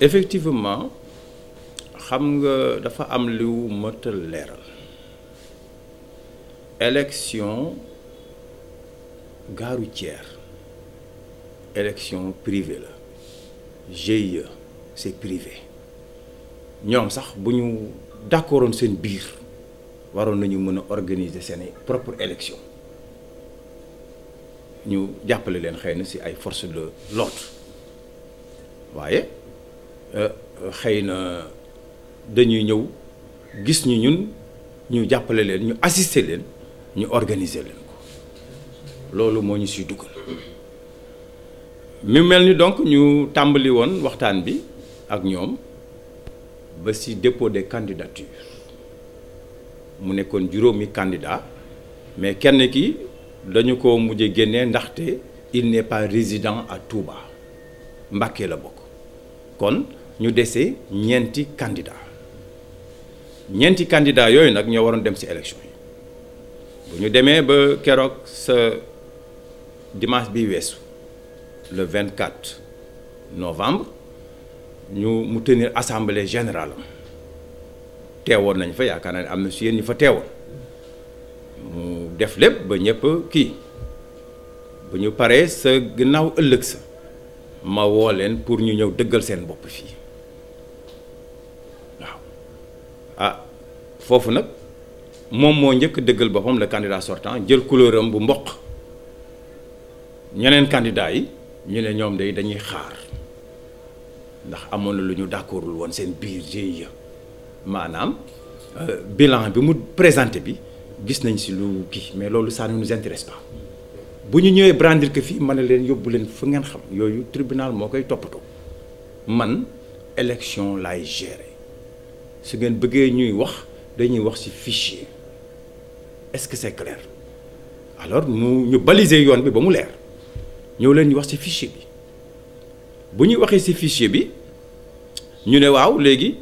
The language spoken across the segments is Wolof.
effectivement xam nga dafa am lu mëtal leeral élection gare routière élection privée la GIE c'est privé ñoom sax bu ñu d'accordoon seen biir waroon nañu mën a organiser seen propre élection ñu jàppale leen xëy na ci ay forces de lot waaye Euh, xëy na dañuy ñëw gis ñu ñun ñu jàppale leen ñu assister leen ñu organiser leen ko loolu moo ñu siy dugal mi mel ni donc ñu tàmbali woon waxtaan bi ak ñoom ba si dépôt des candidatures mu nekkoon juróomi candidat mais kenn ki dañu ko mujje génnee ndaxte il n'est pas résident à Touba Mbacké la bokk kon ñu dese ñeenti candidat ñeenti candidat yooyu nag ñoo waroon dem ci élection yi bu ñu demee ba keroog sa dimanche bi weesu le 24 novembre ñu mu tenir assemblée générale teewoon nañ fa yaakaar na ne am na si yéen ñu fa teewoon mu def lépp ba ñëpp kii bu ñu paree sa ginnaaw ëllëg sa ma woo leen pour ñu ñëw dëggal seen bopp fii ah foofu nag moom moo njëkk dëggal boppam le candidat sortan jël couleur bu mboq ñeneen candidats yi ñu ne ñoom day dañuy xaar ndax amoon na lu ñu d'accordul woon seen biir GIE maanaam euh, bilan bi mu présenté bi gis nañ si lu kii mais loolu ça ne nous intéresse bu ñu ñëwee brandir que fii mën na leen yóbbu leen fu ngeen xam yooyu tribunal moo koy toppatoo man élection laay gérer. su ngeen bëggee ñuy wax dañuy wax ci fichier est-ce que c'est alors mu ñu baliser yoon bi ba mu leer ñëw leen ñu wax ci fichier bi bu ñuy waxee ci fichier bi ñu ne waaw léegi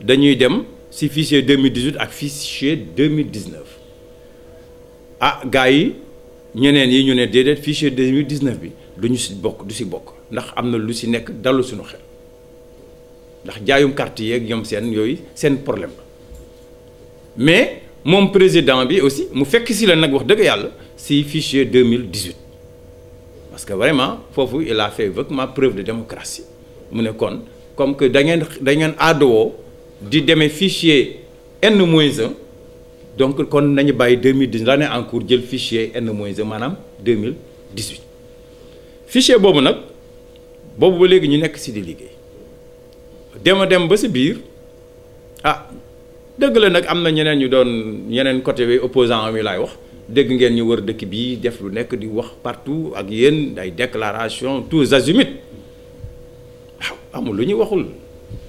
dañuy dem ci fichier 2018 ak fichier 2019 ah gars yi ñeneen yi ñu ne déedéet fichier 2019 bi du ñu ci bokk du ci bokk ndax am na lu ci nekk dalu suñu xel. ndax jaayum carte yeeg ñoom seen yooyu seen problème mais moom président bi aussi mu fekk si la nag wax dëgg yàlla si fichier 2018 parce que vraiment foofu il a fait vraiment preuve de démocratie mu ne kon comme que da ngeen da ngeen di demee fichier n moins donc kon nañu bàyyi 2018 l'année en cours jël fichier n moins de maanaam 2018 fichier boobu nag boobu ba léegi ñu nekk si di liggéey. dema dem ba si biir ah dëgg la nag am na ñeneen ñu doon ñeneen côté bi opposant am yi laay wax dégg ngeen ñu wër dëkk bii def lu nekk di wax partout ak yéen ay déclaration tous azimuts waaw ah, amul lu ñuy waxul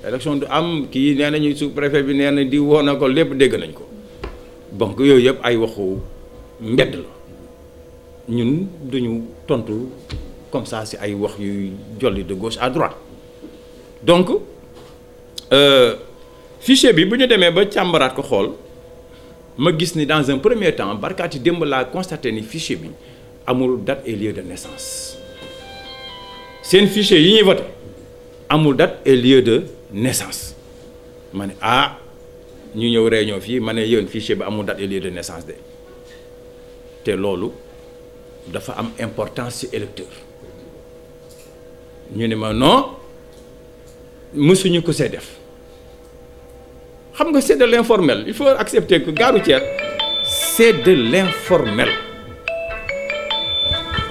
élection du am kii nee nañu su préfet bi nee na di woo na ko lépp dégg nañ ko donc yooyu yëpp ay waxu mbedd la ñun duñu tontu comme saa si ay wax yuy jolli de gauche à droite donc Euh, fichier bi bu ñu demee ba càmbaraat ko xool ma gis ni dans un premier temps barkaati démb laa constaté ni fichier bi amul date et lieu de naissance seen fichier yi ñuy voté amul date et lieu de naissance ma ne ah ñu ñëw ree réunion fii ma ne yéen fichier bi amul date et lieu de naissance de te loolu dafa am importance ci électeur ñu ne ma non. mësuñu ko see def xam nga c'est de l'informel il faut accepter que gare routière c'est de l'informel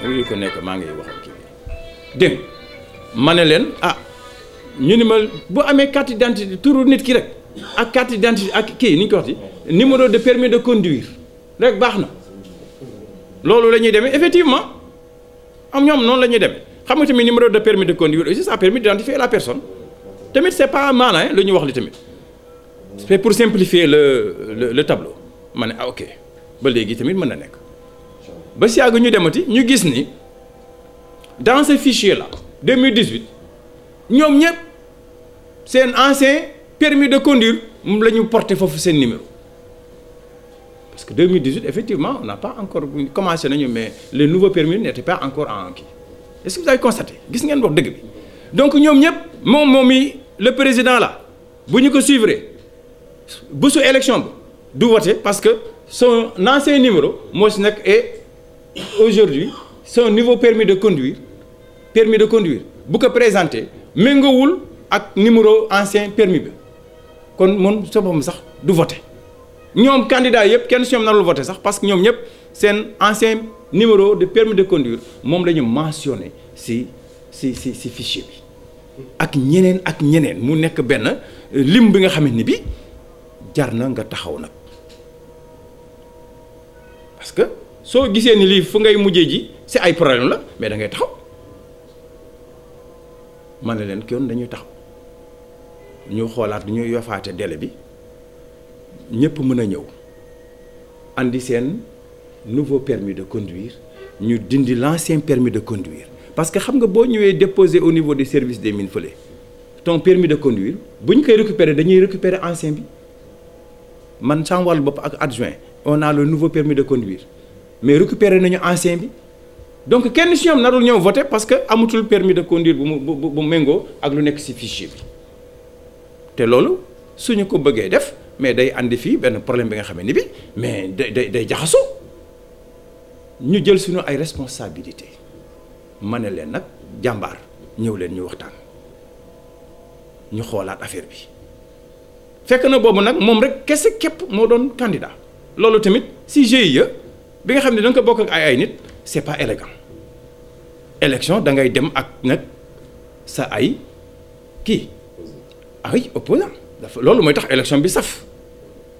yu ko nekk maa ngi wax ak kii ma ne leen ah ñu ni ma bu amee carte d'identité turu nit ki rek ak carte d'identité ak kii ni ñu ko waxti numéro de permis de conduire rek baax na loolu la ñuy demee effectivement am ñoom noonu la ñuy demee xam nga tamit numéro de permis de conduire aussi ça permet d'identifier la personne tamit c'est pas maanaam lu ñu wax li tamit c'est pour simplifier le le, le tableau ma ne ah ok ba léegi tamit mën na nekk ba si àgg ñu demati ñu gis ni dans ce fichier là 2018 ñoom ñëpp seen ancien permis de conduire moom la ñu porté foofu seen numéro parce que 2018 effectivement on n'a pas encore commencé nañu mais les nouveaux permis n'étaient pas encore en kii est-ce que vous avez constaté gis ngeen wax dëgg bi donc ñoom ñëpp moom moom mi le président là bu ñu ko suivre bu su élection bi du vote parce que son ancien numéro moo si nekk et aujourd'hui son niveau permis de conduire permis de conduire bu ko présenté méngoowul ak numéro ancien permis bi kon mën soppam sax du vote ñoom candidat yëpp kenn si ñoom narul voté sax parce que ñoom ñëpp seen ancien numéro de permis de conduire moom la ñu mentionné si si si si fichier bi ak ñeneen ak ñeneen mu nekk benn euh, lim bi nga xamante ni bi jar na nga taxaw nag parce que soo gisee ni lii fu ngay mujjee ji si ay problème la mais da ngay taxaw ma ne leen kon dañuy taxaw ñu xoolaat du yofaate délai bi ñëpp mën a ñëw andi seen nouveau permis de conduire ñu dindi l'ancien permis de conduire parce que xam nga boo ñëwee déposé au niveau des services des mines fële ton permis de conduire bu ñu koy récupérer dañuy récupérer ancien bi man sama bopp ak adjoint on a le nouveau permis de conduire mais récupérer nañu ancien bi donc kenn si ñoom narul ñëw voter parce que amatul permis de conduire bu mu bu mengoo ak lu nekk si fichier bi te loolu suñu ko bëggee def mais day indi fii benn problème bi nga xam ni bi mais day day day jaxasoo ñu jël su ay responsabilités. ma ne leen nag jàmbaar ñëw leen ñu waxtaan ñu xoolaat affaire bi fekk na boobu nag moom rek kese képp moo doon candidat loolu tamit si GIE bi nga xam ne da ko bokk ak ay ay nit c'est pas élégant élection da ngay dem ak nag sa ay kii ay ah opposant dafa loolu mooy tax élection bi saf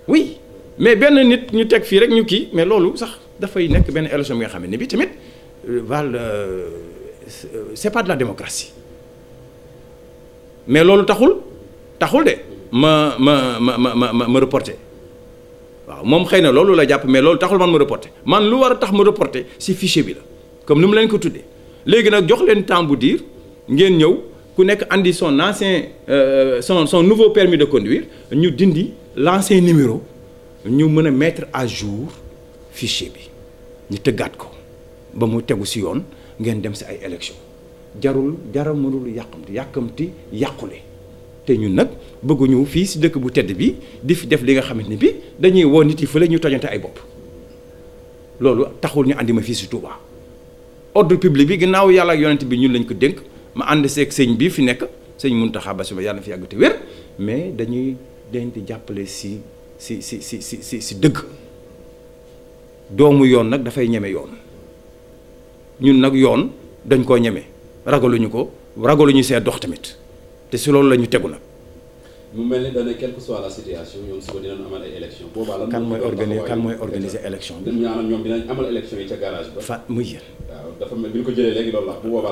oui mais benn nit ñu teg fii rek ñu kii mais loolu sax dafay nekk benn élection bi nga xam ne bi tamit Val euh, c'est pas de la démocratie mais loolu taxul taxul de ma ma ma ma ma ma reporté waaw moom xëy na loolu la jàpp mais loolu taxul man ma reporté man lu war a tax ma reporté ci fichier bi la comme ni mu leen ko tuddee léegi nag jox leen temps bu diir ngeen ñëw ku nekk indi son ancien euh, son son nouveau permis de conduire ñu dindi l'ancien numéro ñu mën a mettre à jour fichier bi ñu tëggaat ko. ba mu tegu si yoon ngeen dem si ay élection jarul dara mënul yàqamti yàkkamti yàqule te ñun nag bëgguñu fii si dëkk bu tedd bi di fi def li nga xamante ni bi dañuy woo nit yi fële ñu tojante ay bopp loolu taxul ñu andi ma fii si Touba ordre public bi ginnaaw yàlla ak bi ñun lañ ko dénk ma ànd seeg sëñ bi fi nekk sëñ Mountakha Bassirou yàlla fi yàgg te wér mais dañuy dañ di jàppale si si si si si si si dëgg doomu yoon nag dafay ñeme yoon ñun nag yoon dañ koo ñeme ragaluñu ko ragaluñu see dox tamit te si loolu la ñu tegu nag. mu mel ni dañu quelle que soit la situation ñoom suba dinañ amal kan mooy organiser kan bi. ñu naan ñoom dinañ amal élection yi ca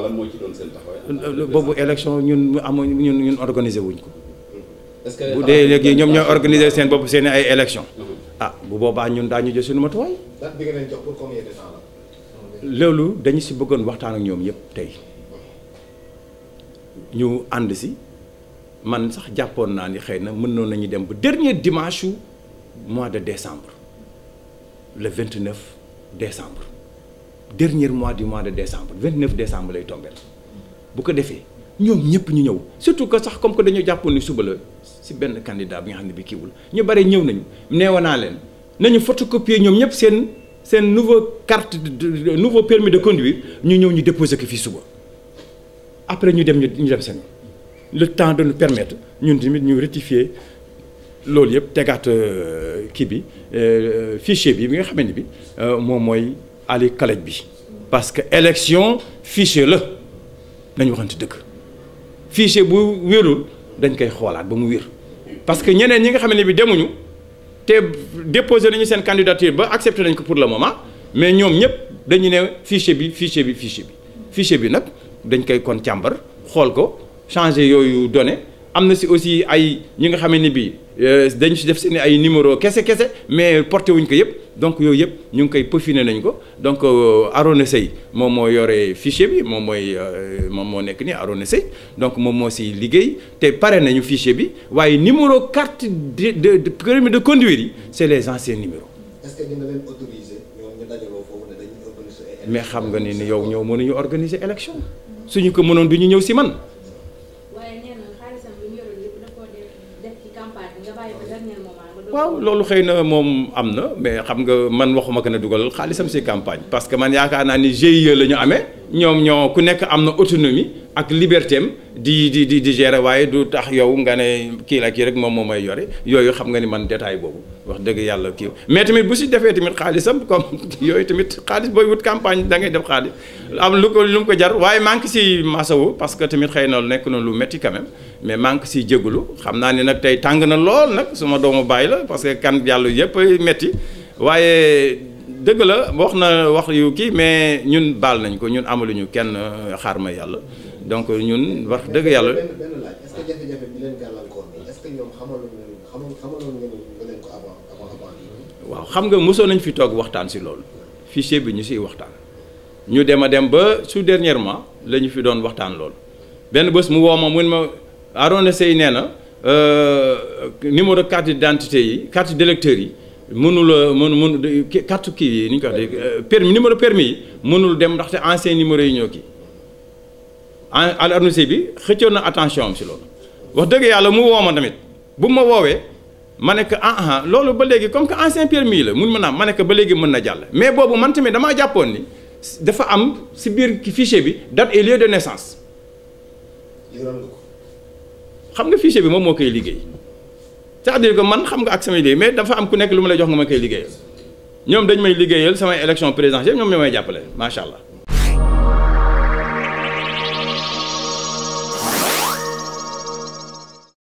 la moo ci doon seen taxawaay. boobu élection ñun ñu ñun ñun organiser wuñ ko. est-ce bu dee léegi ñoom ñooy organiser seen bopp seen ay élection mhm. ah bu boobaa ñun daañu jël suñu matuwaay. date bi ngeen loolu dañu si bëggoon waxtaan ak ñoom yëpp tey ñu ànd si man sax jàppoon naa ni xëy na mën mënoon nañu dem ba dernier dimanche su mois de décembre le 29 décembre dernier mois du mois de décembre 29 décembre lay tombeel bu ko defee ñoom ñëpp ñu ñëw surtout que sax comme que dañoo jàppoon ni suba la si benn candidat bi nga xam ne bi kiiwul ñu bare ñëw nañu neewa naa nañu photocopier ñoom ñëpp seen. seen nouveau carte nouveau permis de conduire ñu ñëw ñu déposer ko fii suba après ñu dem ñu dem seen le temps de nous permettre ñun tamit ñu rectifier loolu yëpp tegaat euh, kii bi euh, euh, fichier bi bi nga xamante bi moom mooy ali collège bi parce que élection fichier la nañu waxante dëkk fichier bu wérul dañ koy xoolaat ba mu wér parce que ñeneen ñi nga xam ne bi demuñu te déposé nañu seen candidature ba accepté nañ ko pour le moment mais ñoom ñëpp dañu ne fichier bi fichier bi fichier bi fichier bi nag dañ koy kon càmbar xool ko changer yooyu données am na si aussi ay ñi nga xamee ni bi euh, dañ si def seen ay numéro kese kese mais porté wuñ ko yëpp donc yooyu yëpp ñu ngi koy peaufiner nañ ko donc euh, Arona Seye moom moo yore fichier bi moom mooy euh, moom moo nekk nii Arona Seye donc moom moo si liggéey te pare nañu fichier bi waaye numéro carte de de de permis de conduire yi c'est les anciens numéros. que mais xam nga ni yow ñoo mënuñu organiser élection suñu ko mënoon du ñu ñëw si man. waaw loolu xëy na moom am na mais xam nga man waxuma ko ne dugal xaalisam si campagne parce que man yaakaar naa ni GIE lañu ñu amee ñoom ñoo ku nekk am na autonomie ak liberté di di di di gérer waaye du tax yow nga ne kii la kii rek moom moom may yore yooyu xam nga ni man détail boobu wax dëgg yàlla kii mais tamit bu si defee tamit xaalisam comme yooyu tamit xaalis booy wut campagne da ngay def xaalis am lu ko lu mu ko jar waaye maa ngi si masawu parce que tamit xëy na nekk na lu métti quand mais manque ngi si jégalu xam naa ne nag tey tàng na lool nag suma doomu bàyyi la parce que kan yàlla yëpp métti waaye dëgg la wax na wax yu kii mais ñun baal nañ ko ñun amaluñu kenn xaar ma yàlla donc ñun wax dëgg yàlla. benn benn laaj est waaw xam nga mosoon nañu fi toog waxtaan si loolu fichier bi ñu siy waxtaan ñu dem a dem ba su dernièrement la ñu fi doon waxtaan loolu benn bës mu woo ma mun ma Arona Seye nee na euh, numéro carte d'identité yi carte d'électeur yi mënul mënu mënu carte kii yi ni ñu ko waxee. Euh, permis numéro permis yi mënul dem ndaxte ancien numéro yi ñoo kii. Al Arnoussy bi xëccoon na attention am si loolu wax dëgg yàlla mu woo ma tamit bu ma woowee ma nekk que ah, ah loolu ba léegi comme que ancien permis la mu ma a ma ne que ba léegi mën na jàll mais boobu man tamit damaa jàppoon ni dafa am si biir fichier bi date et lieu de naissance xam nga fichier bi moom moo koy liggéey c'est-à-dire que man xam nga ak samay liggéey mais dafa am ku nekk lu ma lay jox nga ma koy liggéeyal ñoom dañ may liggéeyal samay élection présidentielle ñoom ñoo may macha allah